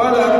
ولا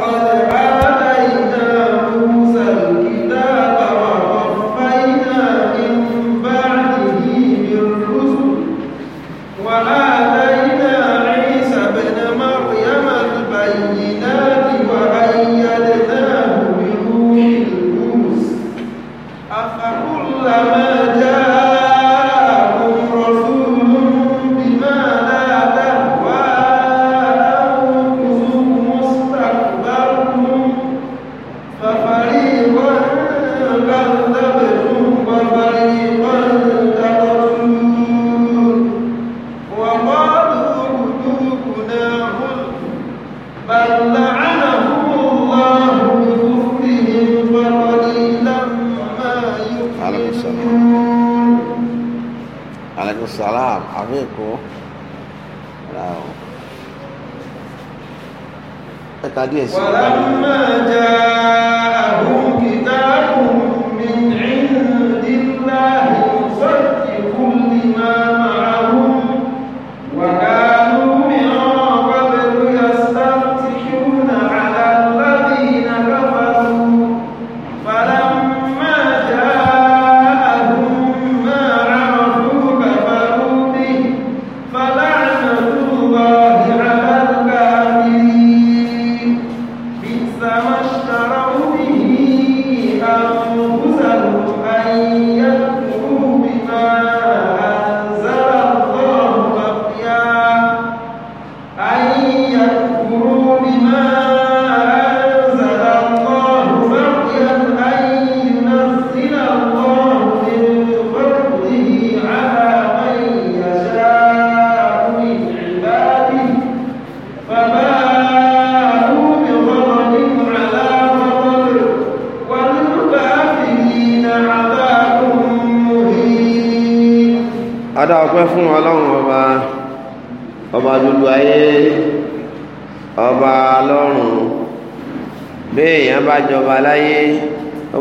Yes.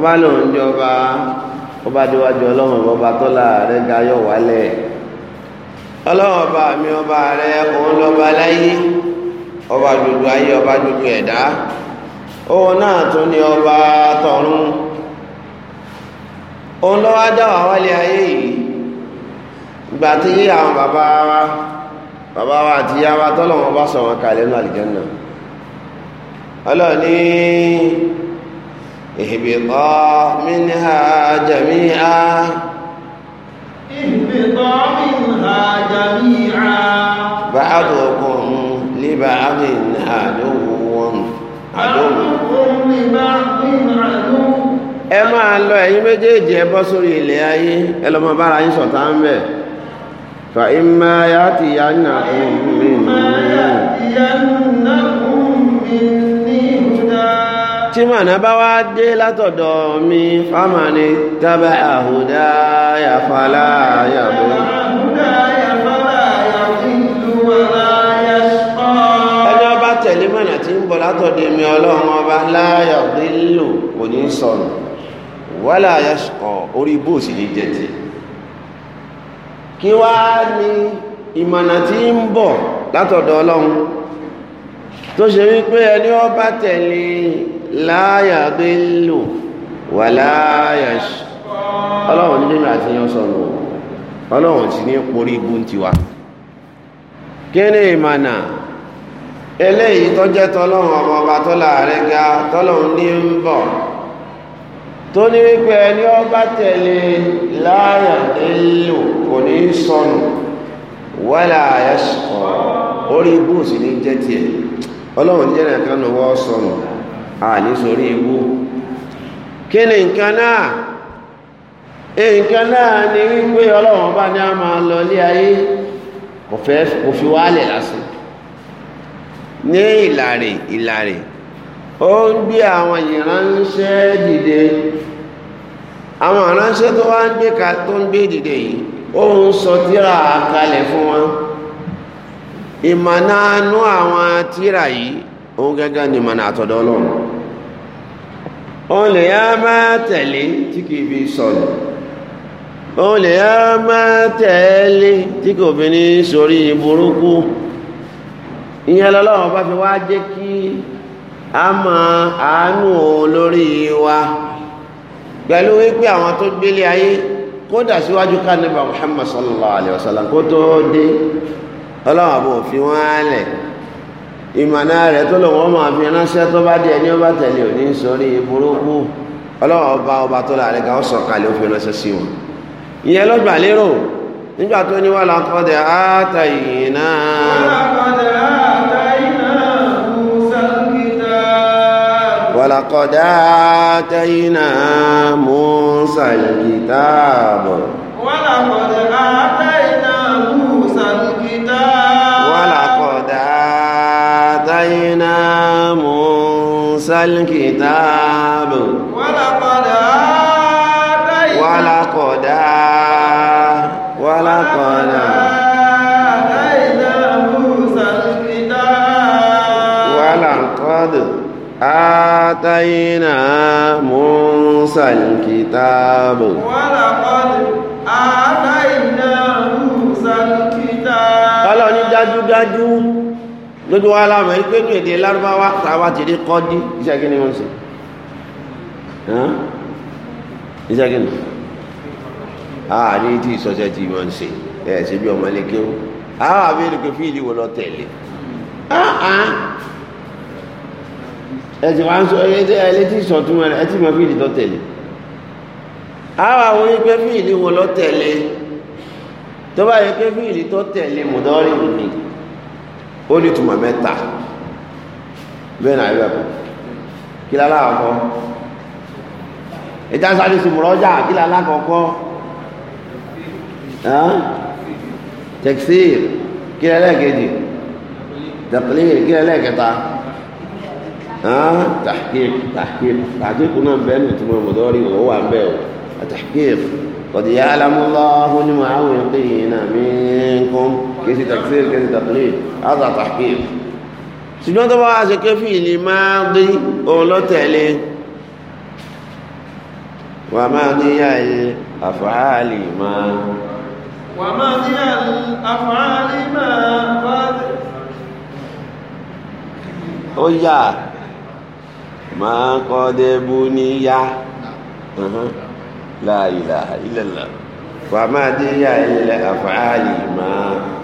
bá lòun jọba ọba díwájú ọlọ́run ọba Tọla láàárẹ̀ ga yọ̀ wálẹ̀ ọlọ́run ọba mi ọba rẹ òun lọ́ba láyé ọba gbogbo ayé ọba gbogbo ẹ̀dá òun náà tún ní ọba tọrún òun lọ́wọ́ dá wà wálé ayé yìí ìgbà wa bàbá wa àti wa ọba sọ̀rọ̀ kalẹ̀ nínú اهبطا منها جميعا اهبطا منها جميعا بعضكم لبعض عدو عدو لبعض عدو ẹ máa lọ ẹ̀yin méjèèjì ẹ bọ́ sórí ilẹ̀ ayé ẹ lọ máa bára yín ṣọ̀tá ń bẹ fa imma ya'tiyannakum minni tí màná bá wá dé látọ̀dọ̀ mi fámàní tábà àhùdá yàfàlá yàbò ẹjọ́ bá tẹ̀lé màná tí ń bọ̀ látọ̀dọ̀ mi ọlọ́run ọba láyọ̀ nílò kò ní sọnù wàlá yàṣọ̀ orí bóòsì ní jẹ̀tì kí wá ní ìmọ̀nà tí ń bọ̀ látọ̀dọ̀ ọlọ́run tó ṣe wípé ẹni ó bá tẹ̀lé láyà gbé lò wà láyà ọlọ́run ní mímọ̀ àti yan sọ̀rọ̀ ọlọ́run ti ní porí ibu ń tiwa kí ni ìmànà eléyìí tó jẹ́ tọ́lọ́run ọmọ ọba tó láàrẹ́ ga tọ́lọ́run ní ń bọ̀ tó ní wípé ẹni ó bá tẹ̀lé láyà gbé lò kò ní sọnù wà láyà sọ̀rọ̀ orí ibu sì ní jẹ́ tiẹ̀ ọlọ́run jẹ́ nìkan nù wọ́ sọnù àní sórí ewu kí ni nǹkan náà nǹkan náà ni wípé ọlọ́run bá ní a máa lọ ilé ayé kò fẹ́ kò fi wálẹ̀ lásán ní ìlàrè ìlàrè ó ń gbé àwọn ìránṣẹ́ dìde àwọn ìránṣẹ́ tó wá ń gbé ka tó ń gbé dìde yìí ó ń sọ tíra kalẹ̀ fún wọn. ìmọ̀nà anú àwọn tíra yìí òun gẹ́gẹ́ ni ìmọ̀nà àtọ̀dọ̀ ọlọ́run òun lè yá bá tẹ̀lé tí kìí fi sọ̀rọ̀ òun lè yá bá tẹ̀lé tí kò fi ní sórí burúkú ìyẹn lọ́lọ́run bá fi wá jẹ́ kí a mọ àánú lórí wa pẹ̀lú wípé àwọn tó gbélé ayé kódà síwájú kánibà Muhammad sallallahu wa sallam kó tó dé ọlọ́run àbò òfin wọn á lẹ̀ ìmọ̀nà rẹ̀ tó lòun ọmọ àfi ránṣẹ́ tó bá di ẹni ó bá tẹ̀lé òní sórí burúkú ọlọ́run ọba ọba tó láàrin kan ó sọ̀kalẹ̀ ránṣẹ́ sí wọn ìyẹn lọ́gbà lérò nígbà tó ní wà lákọ́dẹ̀ átàyìn náà ولقد آتينا موسى الكتاب ولقد آتينا موسى الكتاب ولقد آتينا ولقد ولقد آتينا موسى الكتاب ولقد آتينا موسى الكتاب ولقد آتينا موسى الكتاب قالوا dájúdájú lójú wa lámà yìí pé ní èdè lárúbáwá táwa ti rí kọ́ dí iṣẹ́ kí ni wọ́n ṣe iṣẹ́ kí ni àárín tí ìsọ̀ṣẹ́ ti wọ́n ṣe ẹ̀ ṣe bí ọmọ ilé kéwù àwọn àbí ẹni pé fíìlì wò lọ tẹ̀lé ẹ ti wá ń sọ ẹ létí ìsọ̀tún ẹ ti mọ fíìlì lọ tẹ̀lé àwọn àwọn onígbẹ́ fíìlì wò lọ tẹ̀lé tó bá yẹ pé fíìlì tó tẹ̀lé mọ̀dọ́rí nìyí ó ní ìtumọ̀ mẹ́ta bẹ́ẹ̀ náà ẹ̀rọ ẹ̀kọ́ kí lálá àkọ́ ìjà sáré sùmùrọ́jà kí lálá àkọ́kọ́ tẹ̀kísìr kí lálá kejì tẹ̀kílìr kí lálá kẹta tahqiq tahqiq tahqiq náà bẹ́ẹ̀ ní ìtumọ̀ mọ̀dọ́rì wọ́n wà bẹ́ẹ̀ o tahqiq qad ya'lamu Allahu al-mu'awwiqina minkum kìí ṣe tẹ̀síl kìí ṣe tẹ̀síl azà tàkìr ṣùgbọ́n tó bá wá ṣe pé fìlì máa dé òun ló tẹ̀lé wà máa ní àyè àfàálì máa wà máa ní àyè àfàálì máa bá ó yà máa kọ́ débú níyà la ilaha illallah wà máa ní àyè àfàálì máa.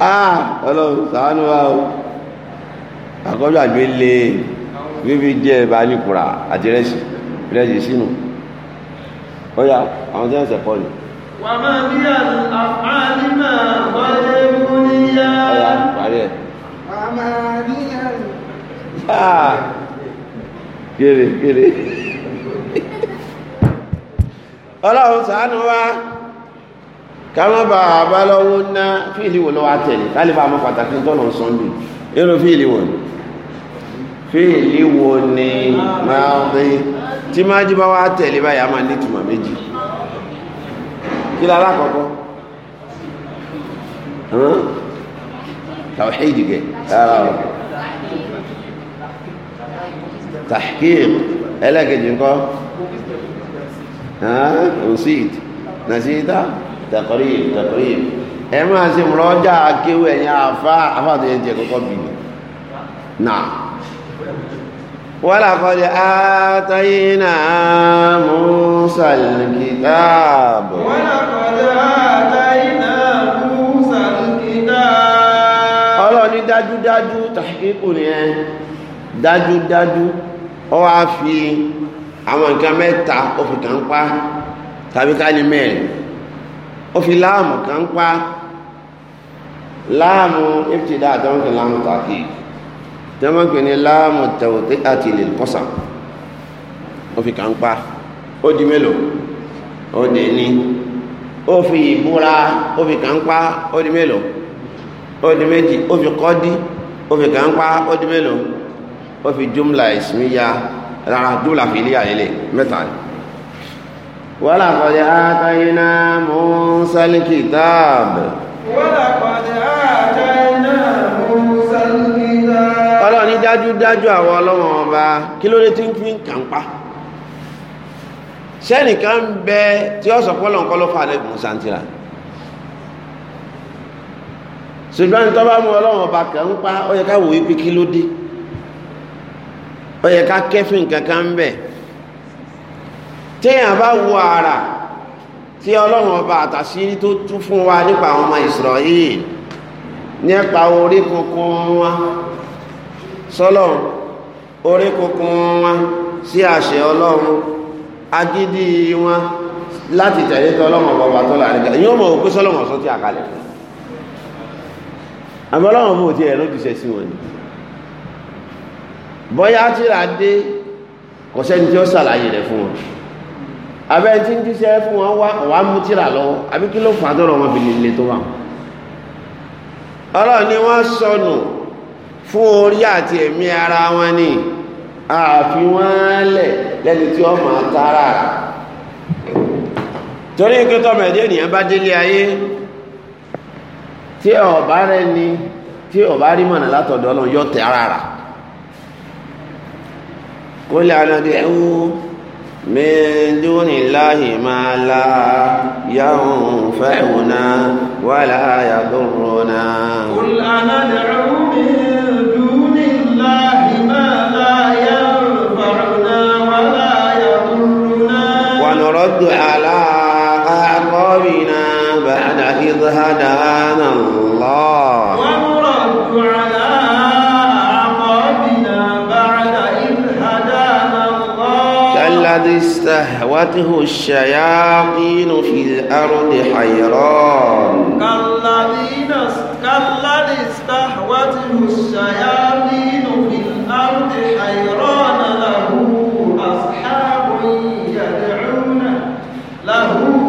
Ah, ọlọ́run ṣàánú wa o àkọ́jọ́ àgbé lè bíbí jẹ́ ẹ̀bá ní kùrà àti rẹ́sì rẹ́sì sínú ó yá àwọn tí wọ́n sẹ̀pọ̀ ni. wà á máa bí àlìmọ̀ wọlé mú níyà. ọ̀yà parí ẹ̀. wà á máa bí àlìmọ̀. kéré kéré ọlọ́run ṣàánú wa kàmọ́ bá bá lọ́wọ́ ná fíìlì wò lọ́wọ́ àtẹ̀lé tálíbà mọ́ pàtàkì tọ́nà sọ́ndì irú fíìlì wò ní fíìlì wò ní máa rí tí máa jí bá wá tẹ̀lé báyìí a ní ìtumọ̀ méjì kí nǹkan ها نسيت نسيت تقريب تقريب ẹ máa ṣe mọ̀rọ́jà akéwò ẹ̀yìn àfá àfáàtò yẹn jẹ kọ́kọ́ bì ní náà wọ́n làkọ́lẹ̀ àtàyè náà mú sàlìkítàbọ̀ wọ́n làkọ́lẹ̀ àtàyè náà ọlọ́ni dájúdájú tàkíkù ni ẹ dájúdájú ọ wá fi àwọn nǹkan mẹ́ta ó fi kàn pa tàbí ká ní mẹ́rin ó fi láàmù kàn pa láàmù ìfìdá àtọ́nkì láàmù tàkì tí wọ́n pè ní láàmù tẹ̀wọ̀tẹ́ àti ilẹ̀ pọ́sà ó fi kàn pa ó di mélòó ó di ní ó fi ìbúra ó fi kàn pa ó di mélòó ó di méjì ó fi kọ́ dí ó fi kàn pa ó di mélòó ó fi jumla ismiya rárá dóòlà fi ilé àlélẹ̀ mẹ́ta ni. wọ́n làkọ̀dé àtàyínà mọ́sálíkì táàbù. wọ́n làkọ̀dé àtàyínà mọ́sálíkì táàbù. ọlọ́ọ̀ni dájúdájú àwọn ọlọ́wọ́n ọba kí ló dé tí ń fi ń kàn pa sẹ́nìkan ń bẹ tí ó sọ pọ́lọ̀ nǹkan ló fà lẹ́bùn santira ṣùgbọ́n ní tọ́ bá mú ọlọ́wọ́n ọba kàn ó yẹ ká wòye pé kí ló dé ó yẹ ká kẹ́fìn kankan ń bẹ̀ téèyàn bá wo ara tí ọlọ́run ọba àtàṣírí tó tú fún wa nípa àwọn ọmọ Ísírẹ́lì nípa orí kunkun wọn sọ́lọ̀ orí kunkun wọn sí àṣẹ ọlọ́run agídí wọn láti tẹ̀lé tó ọlọ́run ọba ọba tó láàrin gà yóò mọ̀ òkú sọ́lọ́run ọ̀sán tí a kalẹ̀ fún abọ́lọ́run bò tí ẹ̀ sí wọn ni bóyá tíra dé kò sẹ́ni tí ó ṣàlàyé rẹ̀ fún wọn abẹ́ tí ń jíṣẹ́ fún wọn wá wàá mú tíra lọ́wọ́ àbí kí ló fà dọ́rọ̀ wọn bìnrin ilé tó wà ọ̀rọ̀ ni wọ́n sọnù fún orí àti ẹ̀mí ara wọn ni àfi lẹ́ni tí ó máa tara torí kí tọ́mọ ènìyàn bá délé ayé tí ọ̀bá rẹ ni tí ọ̀bá rí mọ̀nà látọ̀dọ̀ ọlọ́run yóò tẹ ara rà قل دعو من دون الله ما لا ينفعنا ولا يضرنا قل دعو من دون الله ما لا ينفعنا ولا يضرنا ونرد على أعقابنا بعد إذ هدانا الله ونرد على الذي استهوته الشياطين في الأرض حيران كالذي كالذي استهوته الشياطين في الأرض حيران له أصحاب يدعونه له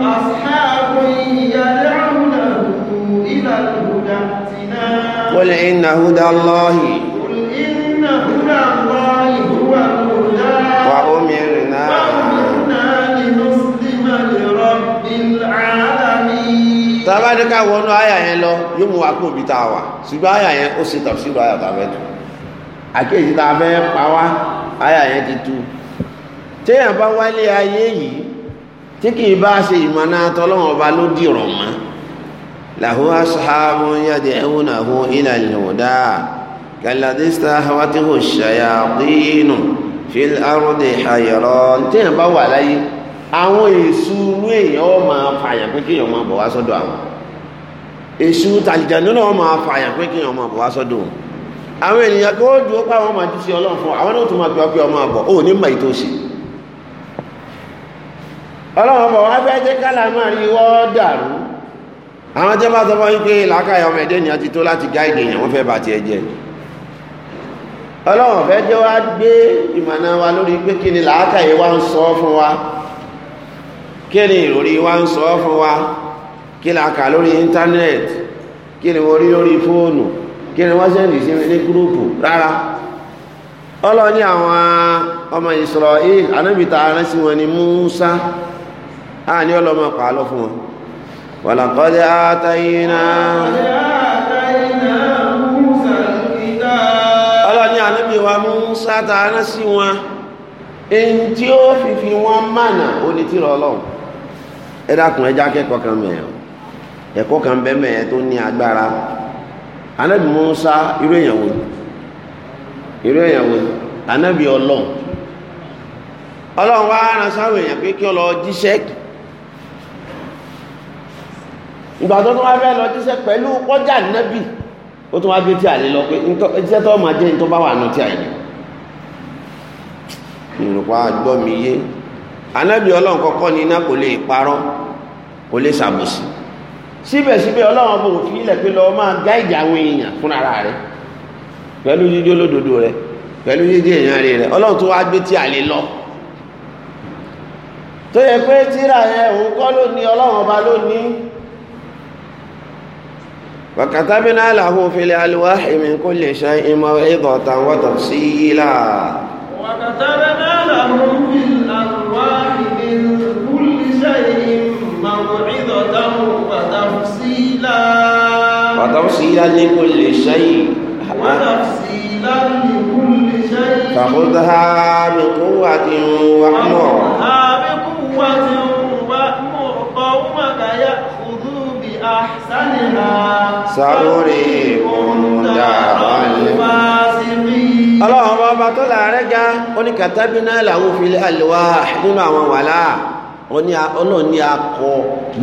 أصحاب يدعونه إلى الهدى قل إن هدى الله tàbá ní ká wọnú àyà yẹn lọ yóò mú wa kó omi tá a wà ṣùgbọ́n àyà yẹn ó ṣe àyà tá a fẹ́ tu àkéyìí tá a fẹ́ pa wá àyà yẹn ti tu téèyàn bá wálé ayé yìí tí kì í bá ṣe ìmọ̀nà tọ́lọ́wọ́n ọba ló mọ́ èṣù tàlìjànú náà máa fààyàn pé kí ọmọ àbọ̀ wá sọ́dọ̀ àwọn ènìyàn kó pa àwọn ọmọ àjú ọlọ́run fún àwọn náà máa pè ọmọ àbọ̀ ó ní mọ̀ ètò ọlọ́run ọbọ̀ wá fẹ́ jẹ́ kálà máa rí wọ́ dàrú àwọn jẹ́ bá ọmọ ẹ̀dẹ́ ènìyàn ti tó láti gáìdì èèyàn wọ́n fẹ́ bá ọlọ́run jẹ́ wá gbé wa lórí pé kí ni làákàyè ń fún wa kí ni wa ń fún wa kí la kà lórí íńtánẹ́ẹ̀tì kí ni mo rí lórí fóònù kí ni wọ́n sẹ́ndì sí ní gúrúùpù rárá ọlọ́ọ̀ ní àwọn ọmọ Israel anábìta aran sí wọn ni Musa a ní ọlọ́mọ pàálọ́ fún wọn walaqad atayna ọlọ́ọ̀ ní anábìwa Musa ta aran sí wọn èyí tí ó fi fi wọn mánà onítìrọ ọlọ́run ẹ dákun ẹjá kẹ́kọ̀ọ́ kan mẹ́rin ẹ̀kọ́ kan bẹ́mẹ̀ tó ní agbára anábì Mùsá irú èèyàn irú èèyàn wò ọlọ́run ọlọ́run wá sáwọn pé kí ọ lọ jíṣẹ́ ìgbà tó tó wá fẹ́ lọ jíṣẹ́ pẹ̀lú kọjá nábì ó tún wá gbé tí a lè lọ pé jíṣẹ́ tó máa jẹ́ ní tó bá wà síbẹ̀síbẹ̀ ọlọ́run ọba òfin ilẹ̀ pé lọ́ọ́ máa gáìdì àwọn èèyàn fún ara rẹ pẹ̀lú jíjó lódodo rẹ pẹ̀lú jíjó èèyàn rẹ ọlọ́run tó wá gbé tí a lè lọ tó yẹ pé tíra yẹn òun kọ́ ló ní ọlọ́run ọba ló ní وكتبنا له في الألواح من كل شيء موعظة وتفصيلا وكتبنا له في الألواح من كل شيء موعظة وتفصيلا لكل شيء فخذها بقوة وأمر قومك يأخذوا بأحسنها سأريكم دار الفاسقين اللهم ọba tó láàrẹ́ ga ó ní kàtàbí náà làwọn fi àlèwà nínú àwọn wàhálà ó ní akọ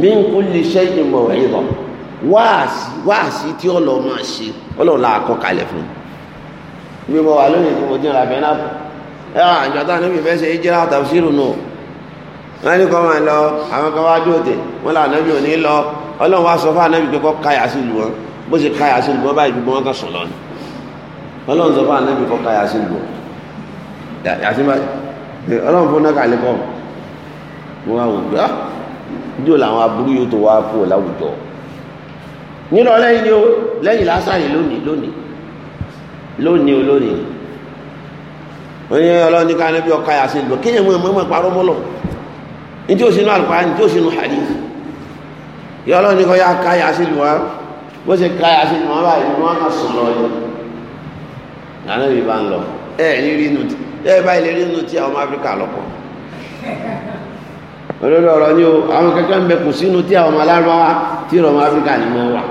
min kulli shay'in maw'izah wáàsí wáàsí tí ó máa ṣe ọlọ́run la kọ fún un bí mo wà lónìí tí mo dín ra bẹ́ẹ̀ náà ẹ à ìjọ táwọn níbi ìfẹ́ ṣe jẹ́ láwọn nù wọ́n ní kọ́ máa lọ àwọn kan wá dúró tẹ̀ wọ́n là ànábì ò lọ ọlọ́run wá sọ fún ànábì pé kọ́ káyà sí ìlú wọn bó ṣe káyà sí ìlú wọn báyìí gbogbo wọn kan sùn lọ ni ọlọ́run sọ fún ànábì kọ́ káyà sí ìlú wọn ọlọ́run fún kọ́ ah, wọn nínú ọlẹ́yìn ni ó lẹ́yìn lásàrì lónìí lónìí lónìí o lónìí o ọlọ́ni ká níbi ọkọ sí ìlú kéèyàn mú ẹmọ ẹmọ parọ́ mọ́lọ̀ ní tí ó sinú àlùkò ní tí ó sinú ọlọ́ni ya ká sí ìlú wa bó ṣe ká sí ìlú wa ni wọ́n ẹ ẹ báyìí rí inú tí ọmọ olórí ọ̀rọ̀ ni o àwọn kẹ́kẹ́ ń bẹ kù sínú tí àwọn alárọ́wá tí ìrọ̀mọ́ áfíríkà ni mo wà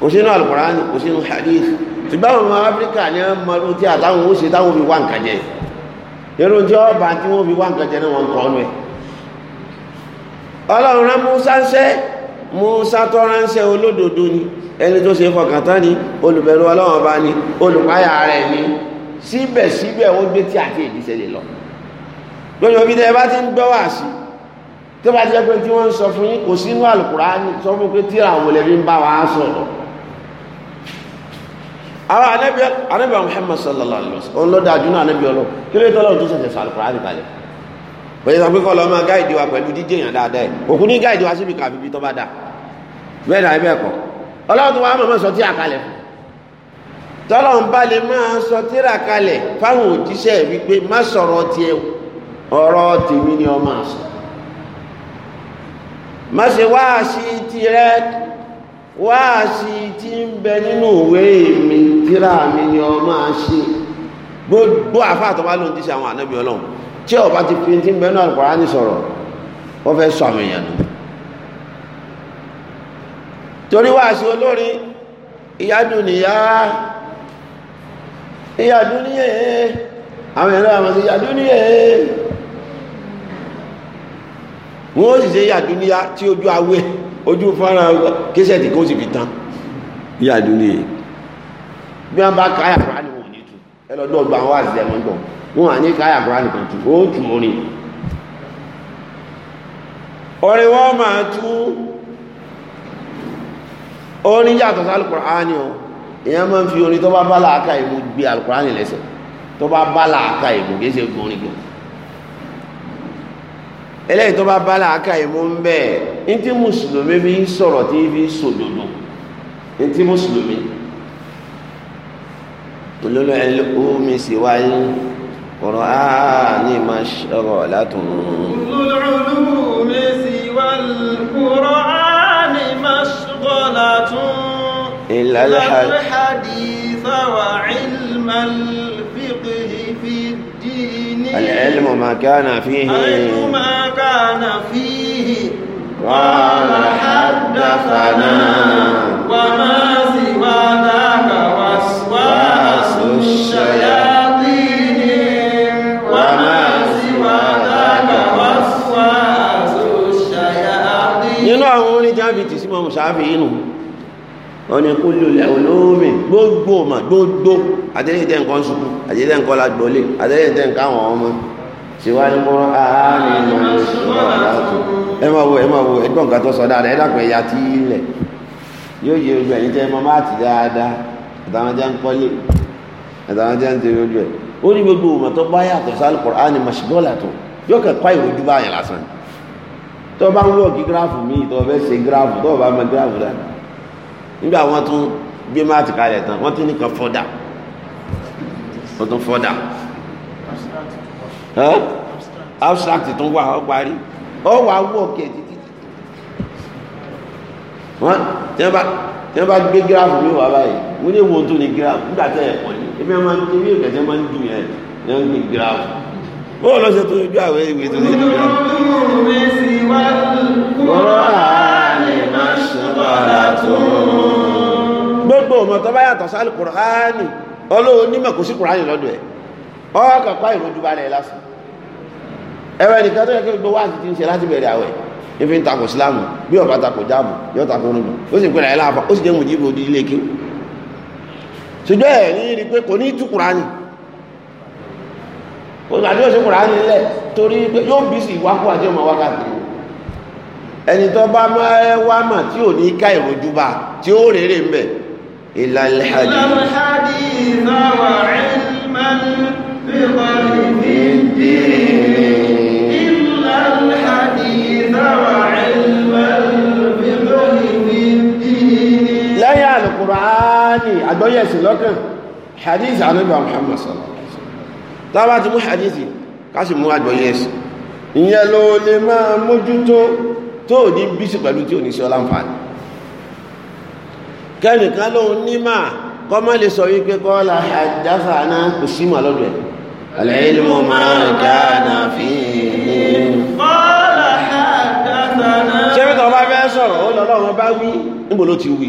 kò sínú alukurani kò sínú hadith ṣùgbọ́n àwọn ọmọ áfíríkà ni wọ́n mọ ọdún tí àtàwọn ó ṣe táwọn fi wá nǹkan jẹ irun tí ọba tí wọ́n fi wá nǹkan jẹ náà wọ́n kọ́ ọ́nù ẹ̀ ọlọ́run rán musa ń ṣẹ́ musa tó ránṣẹ́ olódodo ni ẹni tó ṣe fọkàn tán ni olùbẹ̀rù ọlọ́run ọba ni olùpáyà rẹ̀ ni síbẹ̀síbẹ̀ ó gbé tí àti ìdíṣẹ́ lè lọ lóyún omi tẹ́ bá ti ń gbọ́ wà sí tó bá ti jẹ́ pé tí wọ́n ń sọ fún yín kò sínú àlùkùránì sọ fún pé tíra àwọn olè fi ń bá wa sọ̀rọ̀ àwọn anábìá Muhammad sallallahu alaihi wasallam òun ló dájú náà anábìá ọlọ́ kí ló tọ́lọ́ tó ṣẹ̀ṣẹ̀ sọ àlùkùránì kalẹ̀ bẹ́ẹ̀ sọ pé kọ́ lọ́mọ gáìdì wa pẹ̀lú jíjẹ́ èèyàn dáadáa ẹ̀ òkú ní gáìdì wa síbi kàbí bí tó bá dà bẹ́ẹ̀ náà ẹ̀bẹ̀ kọ́ ọlọ́run tó wá mọ̀mọ́ sọ tí a kalẹ̀ fún tọ́lọ́run bá lè máa sọ tíra kalẹ̀ fáwọn òjíṣẹ́ wípé má sọ̀rọ̀ tiẹ̀ o ọ̀rọ̀ tèmi ni ọmọ àṣà má ṣe wáàsí ti rẹ wáàsí ti ń bẹ nínú mi tíra mi ni ọmọ àṣẹ gbogbo àfáà tó bá lóun ti ṣe àwọn ànábì ọlọ́run tí ọba ti fi ti ń bẹ náà kọ́ra ní sọ̀rọ̀ wọ́n fẹ́ sọ àwọn èèyàn nù torí olórin ìyádùn nìyá ìyádùn níyẹn àwọn èèyàn náà wọ́n ti níyẹn. wọn ó sì ṣe yàdúníyà tí ojú awé ojú fara késẹ̀tì kó sì fi tán yàdúníyà bí wọn bá káyà kúrò ní wọn ò ní tu ẹ lọ dọ̀ gba àwọn àṣìṣe wọn gbọ wọn à ní káyà kúrò ní kan tu ó tù orin orin wọn máa tú orin yàtọ̀ sí alukur'ani o èèyàn máa ń fi orin tó bá bá làákà ìmú gbé alukur'ani lẹ́sẹ̀ tó bá bá làákà ìmú kì í ṣe eléyìí tó bá bá làákà ìmú ń bẹ́ẹ̀ ní tí mùsùlùmí fi ń sọ̀rọ̀ tí fi ń sòdodo ní tí mùsùlùmí olólù ẹlẹ́kùnmi sì wáyé kọ̀rọ̀ áá ní ní máa ṣọ̀rọ̀ látùn. ìlàlẹ́ hadith wa العلم ما كان فيه العلم ما كان فيه قال حدثنا وما سوى ذاك وسواس الشياطين وما سوى ذاك وسواس الشياطين nínú àwọn orin jábì tí símọ̀ mùsàáfì inú ọ̀nà kúlù lẹ́wọ̀n àtẹlẹyìn tẹ nǹkan sùkú àtẹlẹyìn tẹ nǹkan lágbọlé àtẹlẹyìn tẹ nǹkan àwọn ọmọ ṣèwá ní mọ ààrẹ ìmọ̀ ẹ máa wo ẹ máa wo ẹgbọ́n nǹkan tó sọ dáadáa ẹ dàpọ̀ ẹ̀yà tí ilẹ̀ yóò yẹ ojú ẹ̀yìn tẹ ẹ mọ máàtì dáadáa àtàwọn jẹ́ ń kọ́lé àtàwọn jẹ́ ń tẹ ojú ẹ̀ ó ní gbogbo òmò tó bá yàtọ̀ sálù Kùránì màṣígọ́là tó yóò kẹ́ kọ́ ìrojú báyìí lásán tó bá ń wọ̀ kí gíráfù míì tó fẹ́ ṣe gíráfù tó bá mọ gíráfù dáadáa nígbà wọn tún gbé máàtì kalẹ̀ tán wọ́n tún ní kan fọ́dà ó tún fọ́dà abstract tún wà ó parí ó wà wú òkè títí wọn tí wọn bá gbé gíráfù mi wà báyìí mo ní wo tó ní gíráfù nígbà tẹ ẹ pọ ní ebi ẹ máa ń ebi ẹ kẹsẹ máa ń dùn yẹn ní wọn gbé gíráfù bó lọ ṣe tó ojú àwọn ìwé tó ní ìlú yẹn. gbogbo ọmọ tó bá yàtọ̀ sí Al-Qur'ani. ọlọ́wọ́ onímọ̀ kò sí kùránì lọ́dọ̀ ẹ̀ ọkà pa ìrojú balẹ̀ lásán tó yẹ kí gbogbo wáàsí ti ń ṣe láti bẹ̀rẹ̀ àwẹ̀ ife ń takò sílámù bí ọba takò jáàmù yóò takò rúdù ó sì pẹ̀lẹ̀ láàfà ó sì jẹ́ mùjí ibò dílé kí ṣùgbọ́n ẹ̀ ní rí pé kò ní tú kùránì tó bá máa wá mà tí ò ní ká ìrojú bá tí ó إلى الحديث وعلما بقلب الدين إلا الحديث وعلما بقلب الدين lẹ́yìn Al-Qur'ani àgbọ́yẹ̀ sí lọ́kàn hadith anábà Muhammad sallallahu alaihi wasallam tá bá ti mú hadith ká sì mú àgbọ́yẹ̀ sí ìyẹn ló lè máa mójútó tó ní bísí pẹ̀lú tí ò ní sí ọláǹfààní kẹ́nìkan lóhun nímà kọ́ má lè sọ wípé kọ́ la àjáfà náà kò sí mà lọ́dọ̀ ẹ̀. العلم ما كان فيه قال حدثنا ṣé bí tọ́ bá fẹ́ sọ̀rọ̀ ó lọ́lọ́run bá wí níbo ló ti wí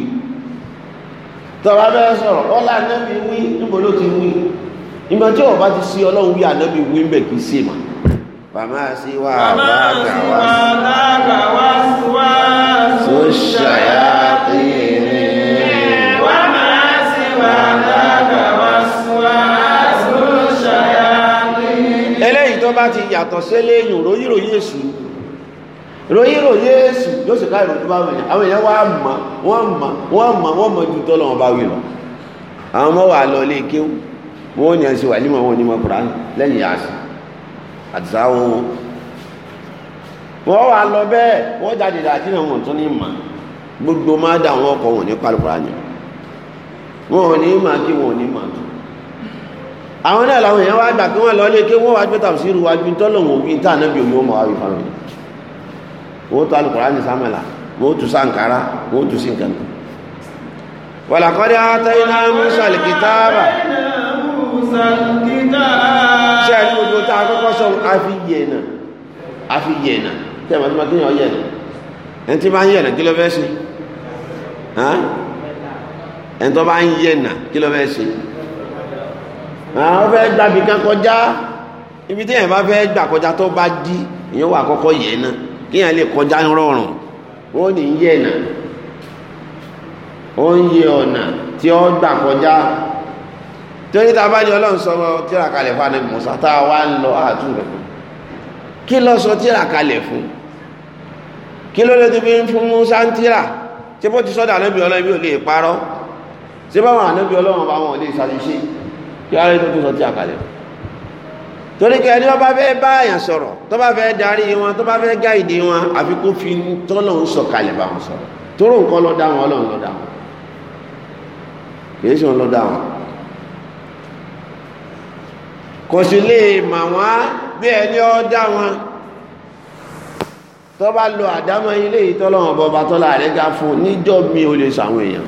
tọ́ bá fẹ́ sọ̀rọ̀ ó lànàbí wí níbo ló ti wí ìgbà tí ọba ti sí ọlọ́run wí ànábì wí ń bẹ̀ kì í sí mà bàmá sí wà bàgà wá sí sí wà sí ó ṣàyà eléyìí tó bá ti yàtọ̀ sí eléyìn ròyìnròyìn èṣù ròyìnròyìn èṣù yóò sì ká ìròyìn tó bá wẹ̀yìn àwọn èèyàn wá mọ̀ wọ́n mọ̀ wọ́n mọ̀ wọ́n mọ̀ ju tọ́lọ́wọ́n bá wí lọ àwọn ọmọ wà lọ ilé kéwù wọn ò ní ẹsẹ wà nímọ̀ wọn ò ní mọ̀ kúránì lẹ́yìn yàtọ̀ àti sáwọn wọn wọ́n wà lọ bẹ́ẹ̀ wọ́n jáde dàjí náà wọ́n tún ní mọ̀ gbogbo má dà wọ́n ọkọ̀ wọn ní pálukúránì wọn ò ní mà kí wọn ò ní mà tó àwọn náà làwọn èèyàn wá gbà kí wọ́n lọ lé kí wọ́n wá gbé tàbísírù wá gbé tọ́lọ̀wọ̀ òbí tá náà bí omi ó mọ̀ wá wí fáwọn èèyàn wọ́n tó alùpùpù ní sámẹ́là wọ́n tó sànkárá wọ́n tó sí nǹkan wọ́n làkọ́dé àtẹ́yìnà Musa alìkìtàbà ṣe àrí gbogbo tá a kọ́kọ́ sọ àfiyẹ̀nà àfiyẹ̀nà tẹ́ẹ̀mọ́tí ẹni tó bá ń yẹ̀nà kí ló fẹ́ ṣe àwọn fẹ́ gbàbí ibi tí èèyàn bá fẹ́ gbà kọjá tó bá dí èèyàn wà kọ́kọ́ yẹ̀nà kí èèyàn lè kọjá rọrùn wọ́n ní yẹ̀nà ó ń yẹ ọ̀nà tí ó gbà kọjá ọ ta bá ní ọlọ́run sọ ọmọ tíra kalẹ̀ fún tá a wá ń lọ àtún sọ tíra kalẹ̀ fún kí ló lè tó fi ń fún ṣe bá wọn ànábí ọlọ́run bá wọn lè ṣàṣìṣe kí a ètò tó sọ tí àkàlẹ̀ torí kẹ́ ẹni wọ́n bá fẹ́ bá àyàn sọ̀rọ̀ tó bá fẹ́ darí wọn tó bá fẹ́ gáìdì wọn àfi kó fi tọ́lọ̀ ń sọ kalẹ̀ bá wọn sọ̀rọ̀ tóró nǹkan lọ dá wọn ọlọ́run lọ dá wọn kìí ṣe wọn lọ dá wọn kò sì lè mà wọn bí ẹni ọ dá wọn tó bá lo àdámọ́ ilé ìtọ́lọ́wọ̀n bọba tọ́lá rẹ̀ ga fún níjọ́ mi ò lè sọ àwọn èèyàn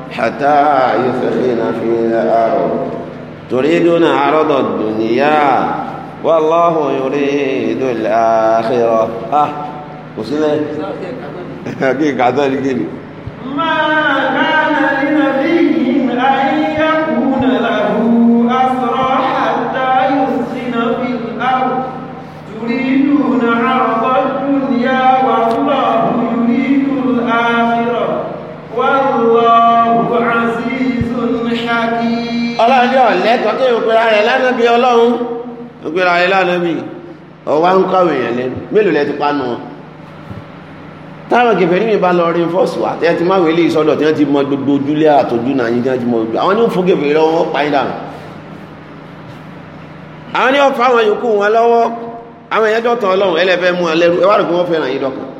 حتى يثخن في الأرض تريدون عرض الدنيا والله يريد الآخرة ها وصلنا حقيقة عدالي قلي ما lẹ́tọ̀ọ́ kí òpèrà rẹ̀ lánàbí ọlọ́run òpèrà rẹ̀ lánàbí ọwá ń kọ̀wé yẹn lẹ́nu mélòó lẹ́ti pánu wọn táwọn kẹfẹ́rí mi bá lọ rí wà tí wọ́n ti mọ gbogbo ti mọ gbogbo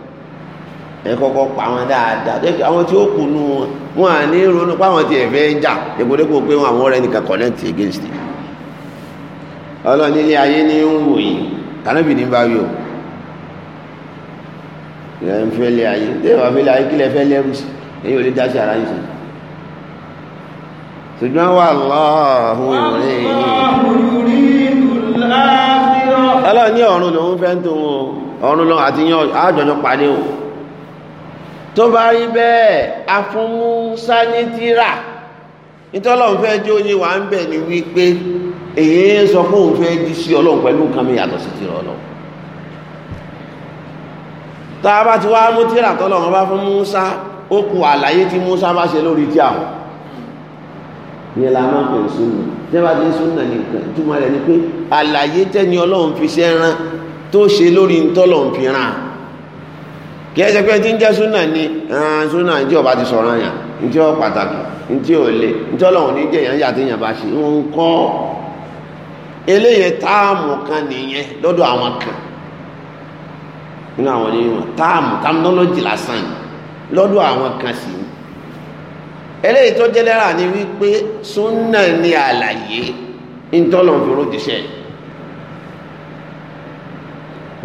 ẹ kọ́kọ́ pa wọn dáadáa tẹ́kì àwọn tí ó kù nù wọn wọn à ní ronú páwọn tí ẹ fẹ́ ń jà dẹ́gbẹ́dẹ́gbẹ́ pé wọn àwọn ọ̀rẹ́ nìkan connect against it ọlọ́ni ilé ayé ní ń wò yìí kànábì ní bá yóò ìyá ń fẹ́ lé ayé déwà fẹ́ lé ayé kílẹ̀ fẹ́ lẹ́rù sí èyí ò lè dá sí ara yìí sí ṣùgbọ́n wà lọ́ọ̀hún ìrìn ìrìn ọlọ́ni ọ̀run lòun fẹ́ ń tó wọn ọ̀run lọ àti yán àjọjọ pàdé o tó bá rí bẹ́ẹ̀ afúnmúsá ní tíra nítọ́lọ́run fẹ́ jó wa ń bẹ̀ ni wípé èyí sọ pé òun fẹ́ di sí ọlọ́run pẹ̀lú nǹkan mi yàtọ̀ sí tíra ọlọ́run tá a bá ti wá mú tíra tọ́lọ́run bá fún Musa ó ku àlàyé tí Musa bá ṣe lórí tí àwọn ní ẹ̀la máa ń pè súnmù tí wọ́n bá ti ń súnmù ní nǹkan rẹ̀ ni pé àlàyé tẹ́ni ọlọ́run fi ṣẹ́ rán tó ṣe lórí ntọ́lọ́run fi rán kì í ṣe pé tí ń jẹ́ súnà ni súnà tí ọba ti sọ̀rọ̀ yàn ní tí ó pàtàkì ní tí ó lè ní tí ọlọ́run ní jẹ̀yàn yà tí yàn bá ṣe ń kọ́ eléyẹ táàmù kan nìyẹn lọ́dọ̀ àwọn kan nínú àwọn onímọ̀ táàmù terminology lásán lọ́dọ̀ àwọn kan sì ní eléyìí tó jẹ́ lẹ́rà ni wípé súnà ni àlàyé ń tọ́lọ̀ fi rójíṣẹ́ yìí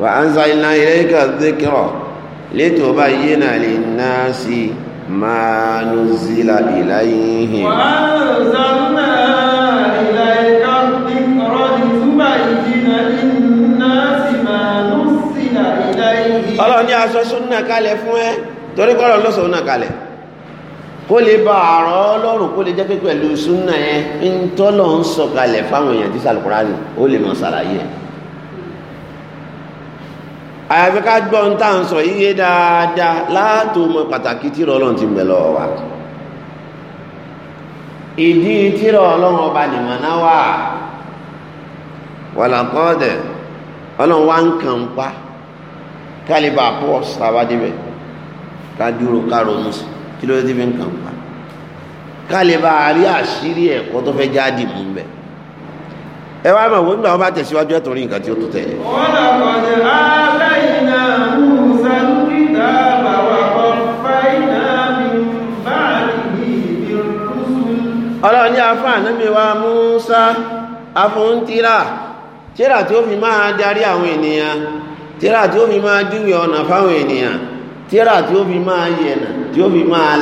wa anzalna ilayka dhikra لتبين للناس ما نزل إليهم وأنزلنا إليك الذكر لتبين للناس ما نزل إليهم Ọlọ́run aṣọ súnà kalẹ̀ fún ẹ torí kọ́rọ̀ ló sọ̀nà kalẹ̀ kó lè bá àrọ́ ọlọ́run kó lè jẹ́ pé pẹ̀lú súnà ń tọ́lọ̀ ń sọ kalẹ̀ fáwọn èèyàn tí sàlùkùrá ni ó lè mọ̀ àyàfi ká gbọ́ ń tà ń sọ iye dáadáa láàtò mọ pàtàkì tírọ̀ ti mẹ́lọ wa ìdí tírọ̀ ọlọ́run ọba nìmọ̀ náà wà wàlàkọ́ọ̀dẹ̀ ọlọ́run wá ń kàn ń pa kálíbà pọ̀ sábàdébẹ̀ ká dúró ká ronú kí ló dé ń kàn ń pa kálíbà àrí àṣírí ẹ̀kọ́ ẹ wá mọ̀ wọ́n nígbà wọn bá tẹ̀síwájú ẹ̀ tó rí nǹkan tí ó tó tẹ̀lé. wọ́n lọ kọ̀ ní na náà musa kíkà bàwà kọ́ fáìnà mi bá mi ìbí rúṣùn. ọlọ́run ní afọ ànámi wa musa afọ́ntìrà tíra tí ó fi máa darí àwọn ènìyàn tíra tí ó fi máa júwe ọ̀nà fáwọn ènìyàn tíra tí ó fi máa tí ó fi máa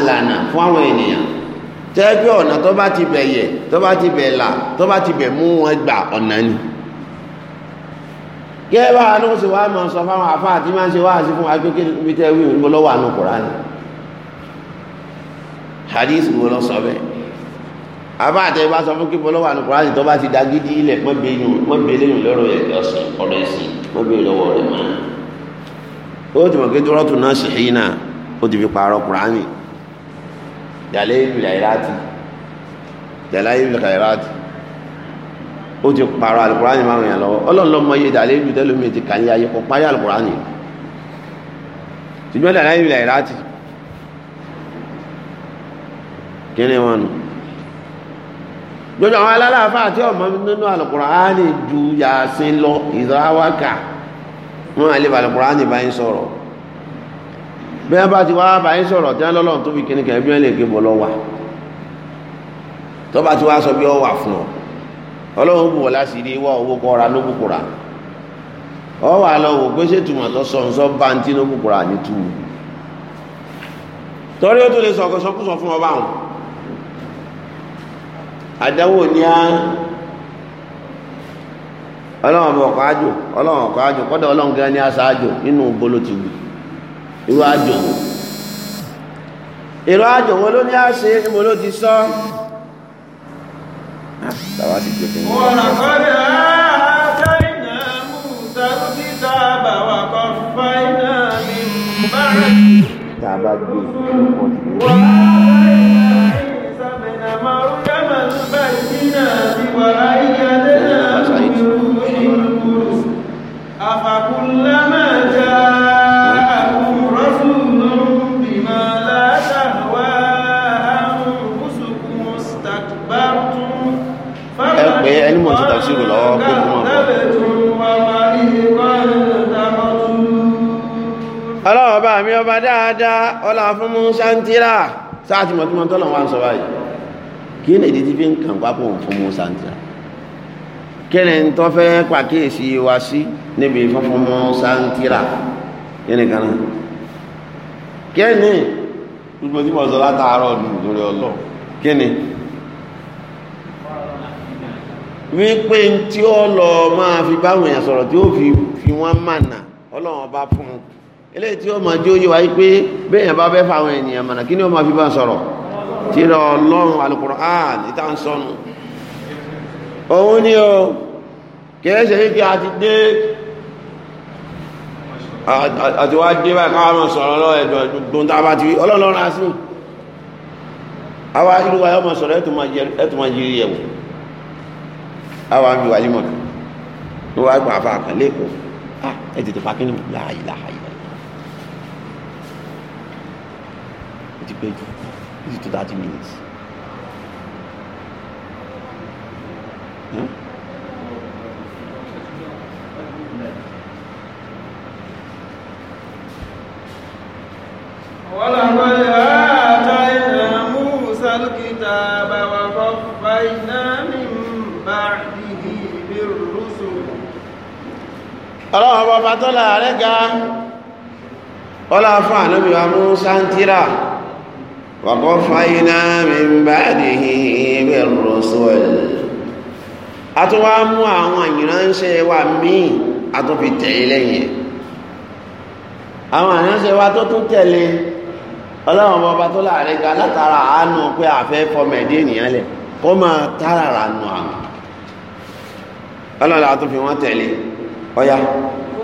tẹ́gbẹ́ ọ̀nà tó bá ti bẹ̀ yẹ̀ tó bá ti bẹ̀ là tó bá ti bẹ̀ mú wọn gbà ọ̀nà ni gẹ́gẹ́ bá wa ló ń ṣe wá máa sọ fáwọn afá àti máa ń ṣe wáhà sí fún wa kékeré níbi tẹ́ wí ìwé lọ́wọ́ àánú Kùránì hadith wo lọ sọ bẹ́ẹ̀ afá àti ẹ bá sọ fún kíkọ́ lọ́wọ́ àánú Kùránì tó bá ti da gidi ilẹ̀ mọ́ bẹ́ẹ̀yìn mọ́ bẹ́ẹ̀lẹ́yìn lọ́rọ̀ ẹ̀sìn ọ̀rọ̀ ẹ̀sìn mọ́ bẹ́ẹ̀ lọ́wọ́ jàlẹ́yìnlù àìráàtì jàlẹ́yìnlù àìráàtì ó ti pààrọ̀ alukurani márùn yàn lọ́wọ́ ọlọ́ọ̀lọ́mọ iye jàlẹ́yìnlù tẹ́lómi ti kàn yá yẹpọ̀ páyà alukurani ṣùgbọ́n jàlẹ́yìnlù àìráàtì kíni wọn nù gbogbo àwọn alálàáfà àti ọmọ nínú alukurani ju yàsín lọ ìdáwákà wọn àlebà alukurani báyìí sọ̀rọ̀ bí a bá ti wá bá yín sọ̀rọ̀ tí wọ́n lọ́lọ́run tó fi sọ bí ọ wà fún ọ ọlọ́run bù wọ́n láti rí wọ́n owó kọ́ ra lóbùkù rà ọ wà lọ wò pé ṣé tùmọ̀ tó sọ nsọ bá ń tí lóbùkù ní tù torí ó tó lè fún ọba irú àjò wo irú ló ní àṣẹ ìmọ̀ ló ti sọ tàbá ah, ti jẹ́ fún wọn àkọ́bẹ̀ mi ọba dáadáa ọlá fún Musa ń tíra sáàtì mọ̀túnmọ̀ tọ́lọ̀ wá ń sọ báyìí kí ni ìdí tí fi ń kàn pápọ̀ fún Musa ń tíra kí ni ń tọ́ fẹ́ pàkíyèsí wa sí níbi fúnfún Musa ń tíra kí ni kan náà kí ni gbogbo tí mo sọ látàárọ̀ lórí ọlọ́ kí ni wípé tí ó lọ máa fi báwọn èèyàn sọ̀rọ̀ tí ó fi wọ́n mànà ọlọ́run ọba fún un eléyìí tí ó máa jó yíwa yí pé béèyàn bá fẹ́ fáwọn ènìyàn mọ̀nà kí ni ó máa fi bá sọ̀rọ̀ tí lọ lọ́rùn alukur'an ìta ń sọnù òun ni o kìí ṣe kí a ti dé àti wá dé báyìí káwọn máa sọ̀rọ̀ lọ ẹ̀dọ̀ gbọ́n tá a bá ti rí ọlọ́run á sí àwa irú wa yọ sọ̀rọ̀ ẹ̀tù máa jírí ẹ̀wò àwa ń bí wàlímọ̀ tó wá gbà ó ti pé jù ó sì tó thirty ولقد آتينا موسى الكتاب وقفينا من بعده بالرسل ọlọ́run ọba ọba tó láàárẹ̀ ga ọlá fún ànábì وقفينا من بعده بالرسل àtúwá mú àwọn ìránṣẹ́ wa míì àtúnfi tẹ̀lé lẹ́yìn àwọn ìránṣẹ́ wa tó tún tẹ̀lé ọlọ́run bọba tó láàrin ga látara àánú pé àfẹ́ fọmọ ẹ̀dẹ́ ènìyàn lẹ̀ kó máa tára rà nù àwọn ọlọ́run àtúnfi wọ́n tẹ̀lé ọ̀yá.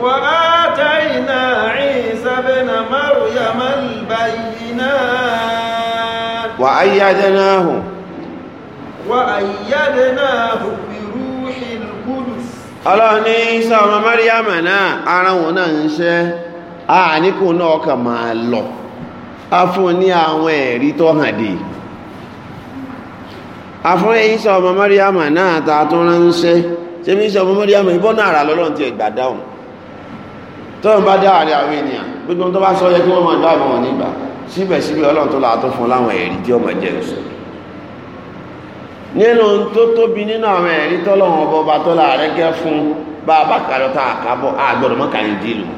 وآتينا عيسى ابن مريم البينات Wa وأيدناه بروح القدس ọlọ́run ní Ìsá ọmọ mẹ́ríàmà náà ara na náà ń ṣẹ́ àníkù na kà máa lọ a fún àwọn ẹ̀rí tó a fún Ìsá ọmọ mẹ́ríàmà náà ta tó ránṣẹ́ ṣe mi Ìsá ọmọ mẹ́ríàmà ìbọn náà rà lọ́lọ́run ti ẹ̀gbà dáhùn tó ń bá dáhàrí àwọn gbogbo síbẹ̀síbẹ̀ ọlọ́run tó la tó fún láwọn ẹ̀rí tí ọmọ jẹ́ ń sọ nínú tó tóbi nínú àwọn ẹ̀rí tọ́lọ́run ọba ọba tó láàrẹ́ gẹ́ fún bá a bá kàlọ́ tá a kábọ̀ a gbọ́dọ̀ mọ́ kàlí dìlù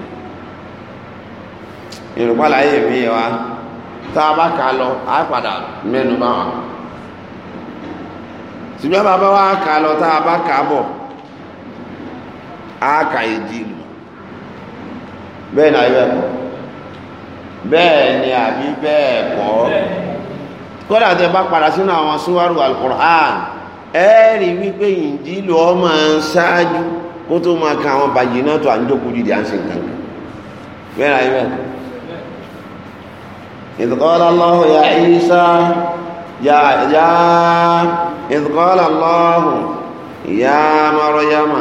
yorùbá láyé mi wa tá a bá kàlọ́ a padà mẹ́nu bá wọn bẹ́ẹ̀ ni ayé ẹ̀kọ́ bẹ́ẹ̀ ni àbí bẹ́ẹ̀ kọ́ kódà tẹ bá padà sínú àwọn súwárù alukur'an ẹ rí wípé ìjìlù ọmọ ṣáájú kó tó máa ka àwọn bàjẹ́ náà tó àjọkù dìde à ń ṣe nǹkan bẹ́ẹ̀ ayé bẹ́ẹ̀ ìdíkọ́lá lọ́hùn ya ìsá ya ya ìdíkọ́lá lọ́hùn ya mọ́rọ́yámà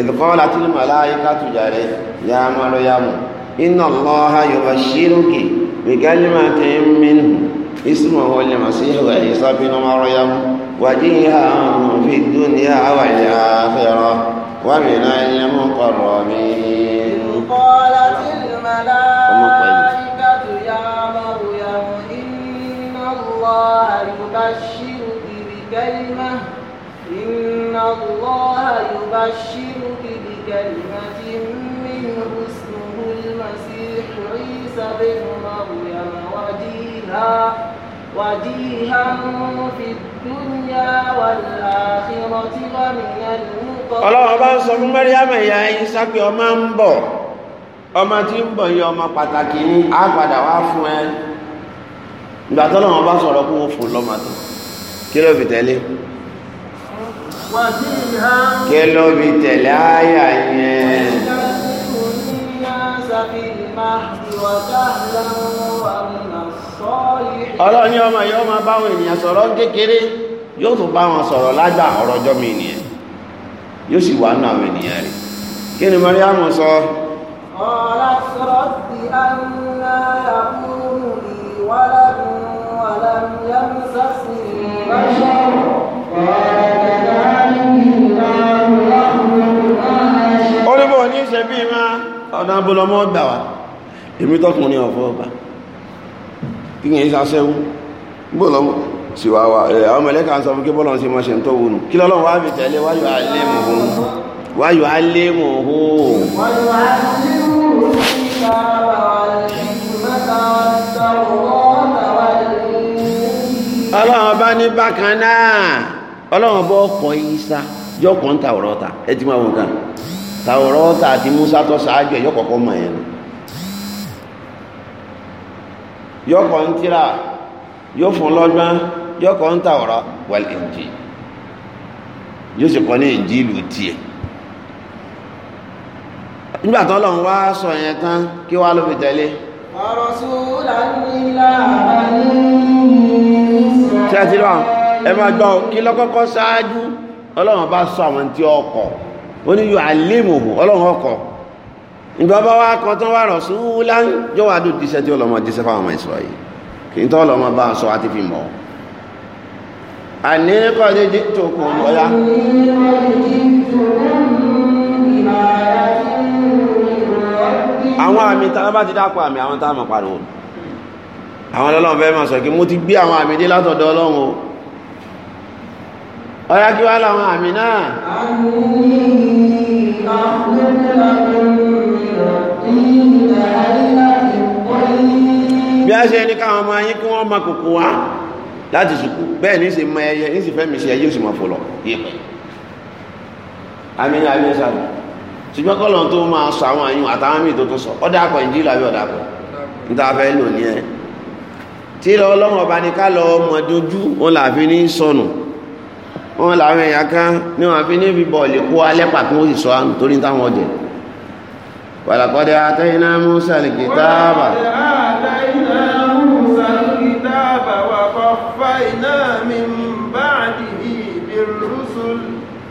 ìdíkọ́lá tí màláyíká tùjà rẹ̀ ya mọ́rọ́yámà. إن الله يبشرك بكلمة منه اسمه المسيح عيسى بن مريم وجيها في الدنيا والآخرة ومن المقربين قالت الملائكة يا مريم إن الله يبشرك بكلمة إن الله يبشرك بكلمة منه المسيح عيسى بن مريم وجيها وجيها في الدنيا والآخرة ومن المقربين ọlọ́run bá ń sọ fún mẹ́ríàmù ìyá ìsá pé ọmọ ń bọ̀ ọmọ tí ń bọ̀ yìí ọmọ pàtàkì ní á padà wá fún ẹ ìgbà tọ́lọ́run bá sọ̀rọ̀ kó fún lọ́mọ tó kí ló fi tẹ̀lé kí ló fi tẹ̀lé áyà yẹn ọlọ́ni ọmọ yóò máa báwọn ènìyàn sọ̀rọ̀ kékeré yóò tún bá wọn sọ̀rọ̀ lágbà ọ̀rọ̀ ọjọ́ mi ènìyàn yóò sì wà nínú àwọn ènìyàn rẹ̀ kí ni Mariam sọ. ọ̀rọ̀ sọ̀rọ̀ di àná àmúhùn ìwádàá ولم يمسسني بشر ó ní bọ̀ ní ìṣẹ́bí máa ọ̀nà abúlọmọ́ gbà wá èmi tọkùnrin ọ̀fọ́ ọba kí yẹn sasẹ́wó gbọ́ lọ́mọ sì wá wá ẹ̀ àwọn mẹ̀lẹ́kà ń sọ fún kí bọ́lọ̀ ń ṣe mọ́ṣẹ̀ ń tó wùnú kí lọ́lọ́ wá fi tẹ̀lé wáyù alẹ́ mọ̀ hó wáyù alẹ́ mọ̀ hó. ọlọ́run bá ní bákan náà ọlọ́run bọ́ kọ isa yọkọ̀ ń tàwọ̀rọ̀ ta ẹ ti máa wọ̀ nǹkan tàwọ̀rọ̀ ta àti musa tó ṣáájú ẹ̀ yọkọ̀ kọ́ mọ̀ ẹ̀ lọ. yọkọ ntira tíra yóò fún lọ́gbọ́n yọkọ̀ ń tàwọ̀rọ̀ wal Injil nígbà tó wá sọ yẹn tán kí tí ẹ máa gbọ́ kí lọ́kọ́kọ́ ṣáájú ọlọ́run bá sọ àwọn tí ọkọ̀ ó ní yóò ọlọ́run ọkọ̀ ìgbàbá wa kan tán wà rọ̀sùn láyé jọ́wọ́ adó díṣẹ́ tí ọlọ́mọ díṣẹ́ fáwọn ọmọ ìṣọ́ yìí kì í tọ́ ọlọ́mọ bá sọ àti fi mọ̀ àníkọ́ lè dé tó kò lọ́yá àwọn àmì tàbí bá ti dápọ̀ àmì àwọn táàmù pariwo àwọn ọlọ́run fẹ́ máa sọ kí mo ti gbé àwọn àmì dé látọ̀dọ̀ ọlọ́run ọ̀yá kí wá láwọn àmì náà àmì àmì àṣẹ ní káwọn ọmọ ayé kí wọ́n máa kòkó wá láti sùkú bẹ́ẹ̀ ní sì mọ ẹyẹ ní sì fẹ́ mi ṣe ẹyẹ ó sì máa fò lọ yípẹ́ àmì ní ayé sábà ṣùgbọ́n kọ́lọ̀ tó máa sọ àwọn àyùn àtàwọn míì tó tún sọ ọ̀dà akọ ìjìlá bí ọ̀dà akọ níta fẹ́ lò ní ẹ tí lọ ọlọ́run ọba ní ká lọ ọmọ dojú wọn làfi ní sọnù wọn làwọn ẹ̀yà kan ní wọn fi ní bíbọ̀ lè kó alẹ́ pàtó ó sì sọ torí táwọn ọ̀jẹ̀ wàlàkọ́dẹ́ atẹ́yìnà musa lè kìtàbà.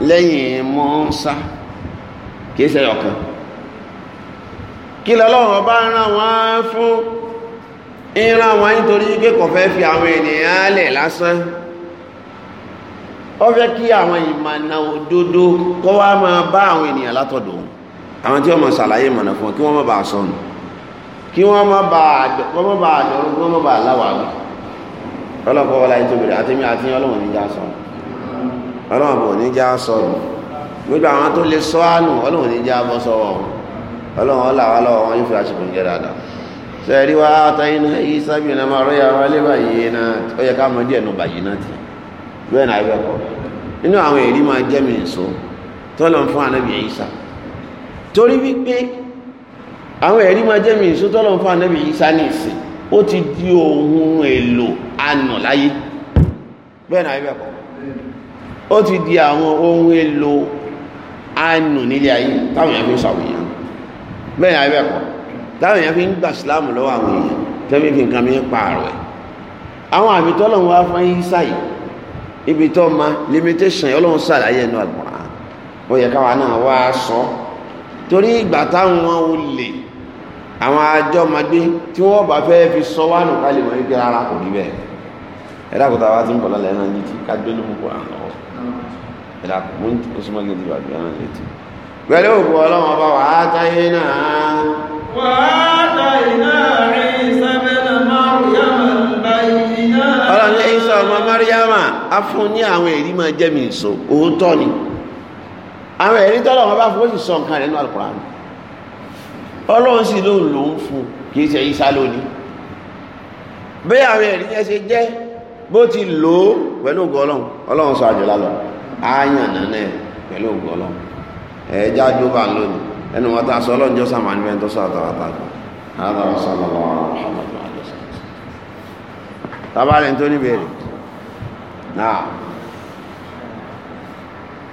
lẹ́yìn mọ́ọ́sá kìí ṣe ọ̀kan kí lọ́lọ́wọ́ bá rán wọn fún ìran wọn nítorí kíkọ̀ fẹ́ fi àwọn ènìyàn lẹ̀ lásán ó fẹ́ kí àwọn ìmọ̀nà òdodo kọ́ wá máa bá àwọn ènìyàn látọ̀dọ̀ àwọn tí wọ́n máa sàlàyé ìmọ̀nà fún kí wọ́n má bàa sọ́nù. kí wọ́n má bàa àdọ̀rùn kí wọ́n má bàa láwàá ọlọ́pọ̀ wọlé àti tóbi rẹ̀ àti mi àti ọlọ́wọ̀n níjà sọnù ọlọ́run bò ní já sọnù gbogbo àwọn tó lè sọ àánú ọlọ́run ní já bọ́ sọ́wọ́ ọlọ́run ọlà wà yóò fi aṣọ ìjẹ dáadáa sẹ́ẹ̀rí wa àtàyìn yìí sábì náà máa rọ́yà wa lé báyìí náà ó yẹ ká mọ díẹ̀ nù báyìí náà ti bẹ́ẹ̀ náà ahụ kọ́ nínú àwọn èrí máa jẹ́ mi nìṣó fún torí wípé àwọn èrí máa jẹ́ mi nìṣó fún ó ti di ohun èlò ànà láyé bẹ́ẹ̀ náà ó ti di àwọn ohun èlò àánú nílé ayé táwọn èèyàn fi ń sàwọn bẹ́ẹ̀ ni àbẹ́ kọ́ táwọn èèyàn fi ń gbà síláàmù lọ́wọ́ àwọn èèyàn tẹ́bí fi nǹkan mi ń pààrọ̀ ẹ̀ àwọn àmì tó wá fún yìí ibi tó ma limitation ọlọ́run sàlàyé ẹnu ó yẹ káwa náà wá sọ torí ìgbà táwọn olè àwọn àjọ magbé tí wọ́n bá sọ wá nù rárá kò rí bẹ́ẹ̀ ẹ̀dá kò tá a wá ti ń bọ̀ lálẹ́ náà ní ti ká gbé ẹ̀dá mú ó súnmọ́ gidi ìbàdí ẹran létí pẹ̀lú òkú ọlọ́run ọba wà á táyé náà wà á táyé náà rí sábẹ́nà márùyámà báyìí náà ọlọ́run Ìsá ọmọ márùyámà á fún ní àwọn èrí máa jẹ́ mi ìṣó òótọ́ ni àwọn èrí tọ́lọ̀ wọn bá fún ó sì sọ nǹkan rẹ̀ nínú Al-Kùránì ọlọ́run sì lóun lòún fún kì í ṣe Ìsá lónìí bí àwọn èrí yẹn ṣe jẹ́ bó ti lò ó pẹ̀lú ògùn ọlọ́run ọlọ́run sọ àjọ lálọ́run ayan nánà ẹ̀ pẹ̀lú ògùn ọlọ́run ẹ̀ẹ́dá jó bá ń lónìí ẹnu wọn tá a sọ ọlọ́run jọ sàmà níbẹ̀ ń tọ́sọ àtàwàtà kan àádọ́ ọ̀sán lọ́wọ́ Muhammad alẹ́sàn tábàlẹ̀ tó níbẹ̀rẹ̀ náà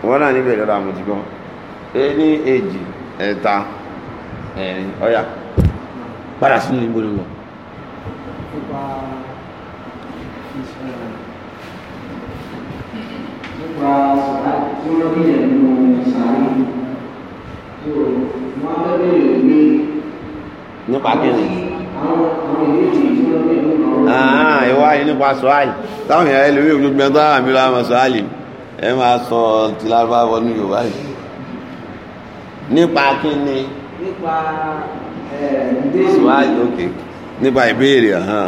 wọ́n náà níbẹ̀rẹ̀ rà mọ̀ ẹni èjì ẹ̀ta ẹ̀rin ọ̀yà padà sínú ìbò ní nípa kíni ah, ah, ìwà yìí nípa sọ́àlì táwọn èèyàn ẹlòmí òjòjúmọ́ tó àmì lọ àmà sọ́àlì ẹ máa sọ ti lárúbá wọnú yorùbá yìí nípa kíni sọ́àlì òkè eh, nípa ìbéèrè ọ̀hán.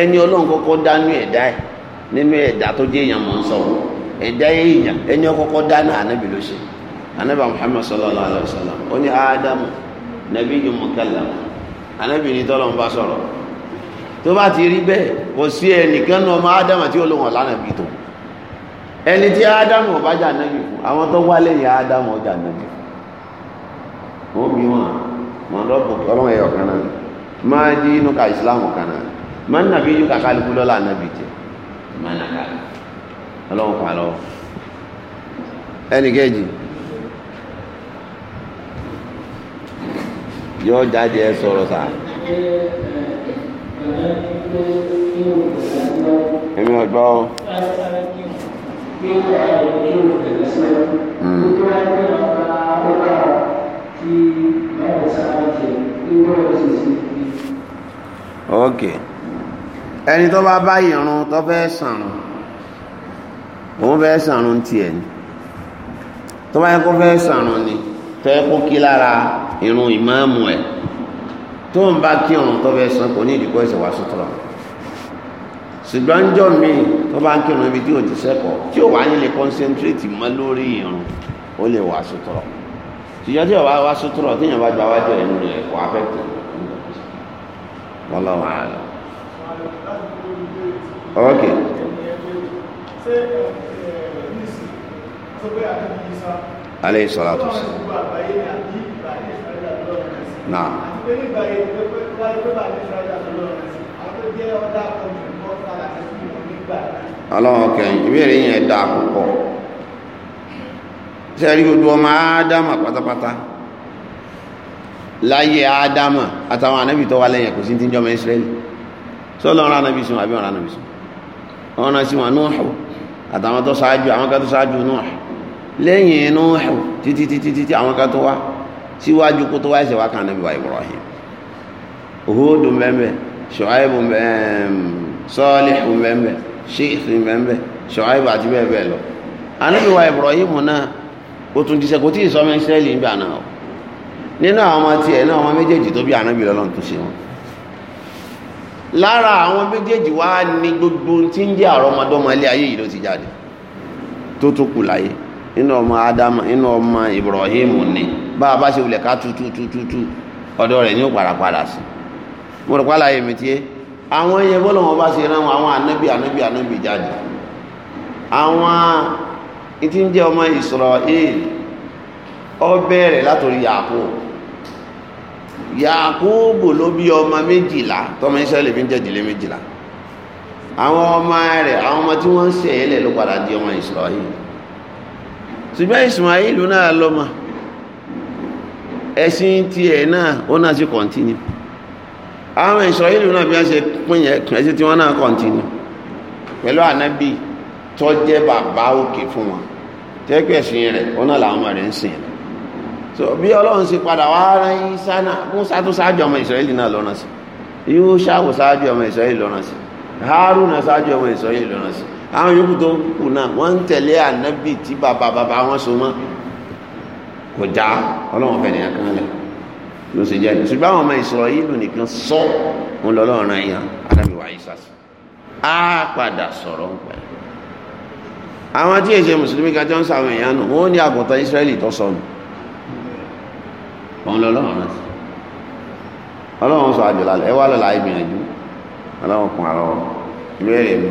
ẹni ọlọ́run kọ́kọ́ dánú ẹ̀dá ẹ̀ nínú ẹ̀dá tó jẹ́ èèyàn mọ̀ ń sọ̀rọ̀ ẹ̀dá èèyàn ẹni ọkọ́kọ́ dánú ànábì ló ṣe ànábì muhammad sallallahu alayhi wa sallam ó ní ádámù nabiyyun mukallam ànábì ní tọ́lọ́ bá sọ̀rọ̀ tó bá ti rí bẹ́ẹ̀ kò sí ẹnìkan nu ọmọ ádámù àti olóhùn ọ̀lànàbì tó ẹni tí ádámù ọba jà ànábì fún àwọn tó wá lẹ́yìn ádámù ọjà ànábì fún ó bí wọn mọ̀ ọ́n máa dín inú ka ìsìláàmù kan náà máa ń nàbí yóò kàkà lùkú lọ́la nàbí jẹ máa ń nàkà ọlọ́run pa lọ. ẹnì kejì yóò jáde ẹ sọ̀rọ̀ sáà èmi ọgbà ọ. Hmm. ok ẹni tó bá bá ìrun tó fẹ́ sàrùn òun fẹ́ sàrùn tiẹ̀ ni tó bá yẹ kó fẹ́ sàrùn ni tó yẹ kó kí lára ìrun ìmáàmù ẹ̀ tó ń bá kí ìrun tó fẹ́ sàn kò ní ìdíkọ́ ẹ̀sẹ̀ wá sọ́tọ̀ ṣùgbọ́n ń jọ míì tó bá ń kírun ibi tí ò ti sẹ́kọ̀ọ́ tí ò wá ní lè kọ́ńsẹ́ntrétì mọ́ lórí ìrun ó lè wá sọ́tọ̀ ṣùgbọ́n tí ò wá wá sọ́tọ̀ téèyàn bá gba wájú ẹ̀ nínú ẹ̀kọ́ afẹ́kọ̀ọ́ wọ́n lọ́wọ́ àárẹ̀ ok aleyhi salatu naam ọlọ́run kẹrin ìbéèrè yẹn dáa púpọ̀ ṣe rí gbogbo ọmọ ádámà pátápátá láyé ádámà àtàwọn ànábì tó wà lẹ́yìn kò sí ti ń jọmọ ìsírẹ́lì sọ́lọ́ ọ̀rọ̀ anábì sí wọn àbí ọ̀rọ̀ anábì sí wọn ọ̀rọ̀ sí wọn Nuhu àtàwọn tó ṣáájú àwọn kan tó ṣáájú Nuhu lẹ́yìn Nuhu títí títí títí àwọn kan tó wá síwájú kó tó wá ẹsẹ̀ wá kan anábì wa Ibrahim Hudu mbẹ́mbẹ́ Shuaibu Salihu mbẹ́mbẹ́ Sheikh mbẹ́mbẹ́ Shuaibu àti bẹ́ẹ̀ bẹ́ẹ̀ lọ anábì wa Ibrahim náà ó tún ti sẹ́kù tí ìsọmọ ìsírẹ́lì ń gbà náà nínú àwọn ọmọ tiẹ̀ náà ọmọ méjèèjì tó bí anábì lọ́lọ́run tó ṣe wọn lára àwọn méjèèjì wá ní gbogbo tí ń jẹ́ ọmọdọ́mọ ilé ayé yìí ló ti jáde tó tó kù láyé nínú ọmọ Ádámù nínú ọmọ Ibrahim ni bá a bá ṣe wulẹ̀ ká tututututu ọ̀dọ̀ rẹ̀ ní ó parapara sí mo rò pálá yẹmi tiẹ́ àwọn yẹn bọ́lọ̀ wọn bá ṣe rán àwọn anábì anábì anábì jáde àwọn ìtí ń jẹ́ ọmọ Ísírẹ́lì ọ bẹ̀rẹ̀ látòrí Yakub yakubu ló bí ọmọ méjìlá tọmọ israẹli fi ń jẹ ìdílé méjìlá àwọn ọmọ rẹ̀ àwọn ọmọ tí wọ́n ń ṣe ẹlẹ ló padà di ọmọ israẹli ṣùgbọ́n ismail náà lọ́mọ ẹ̀sìn tiẹ̀ náà ó náà sì kọ̀ntínú àwọn israẹli náà bí wọ́n ṣe pín yẹn ẹ̀sìn tí náà kọ̀ntínú pẹ̀lú ànábì tó bàbá òkè fún wọn tẹ́kẹ̀ẹ́sìn rẹ̀ ó náà làwọn ọmọ rẹ̀ ń sìn rẹ̀ so bí ọlọ́run ṣe padà wá rán Ìsá náà Mùsá tó ṣáájú ọmọ Ísírẹ́lì náà lọ́nà sí Yúṣáwò ṣáájú ọmọ Ísírẹ́lì lọ́nà sí Hárúnà ṣáájú ọmọ Ísírẹ́lì lọ́nà sí àwọn yòókù tó kù náà wọ́n ń tẹ̀lé ànábì tí bàbá bàbá wọn so mọ́ kò já ọlọ́run fẹ̀ nìyà kan lẹ̀ ló ṣe jẹ́ ṣùgbọ́n àwọn ọmọ Ísírẹ́lì nìkan sọ òun lọ́lọ́run rán yàn ádámìwá Ìsá sí á òun lọ lọ́rùn náà sí ọlọ́run sọ àjọ lálẹ́ ẹ wá lọ́la ìgbìyànjú ọlọ́run kùn àrọ́ ìbéèrè mi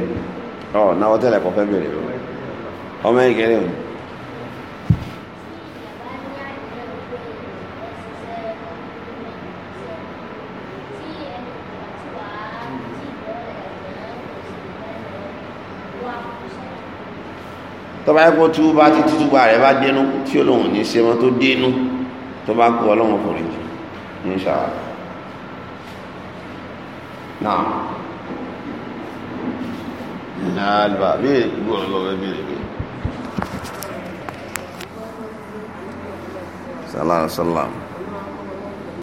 ọ náwó tẹ́lẹ̀ kọ́ fẹ́ béèrè mi ọmọ ìkẹrẹ òní. tọ́ba ẹ̀kọ́ tí ó bá ti tútù bá rẹ̀ bá dénú tí olóhùn ní í ṣe mọ́ tó dénú tó bá kú ọlọ́run kò rí insha Allah náà nàálùbà bí ìgbò ọlọ́rẹ́ bí ìgbè sàlám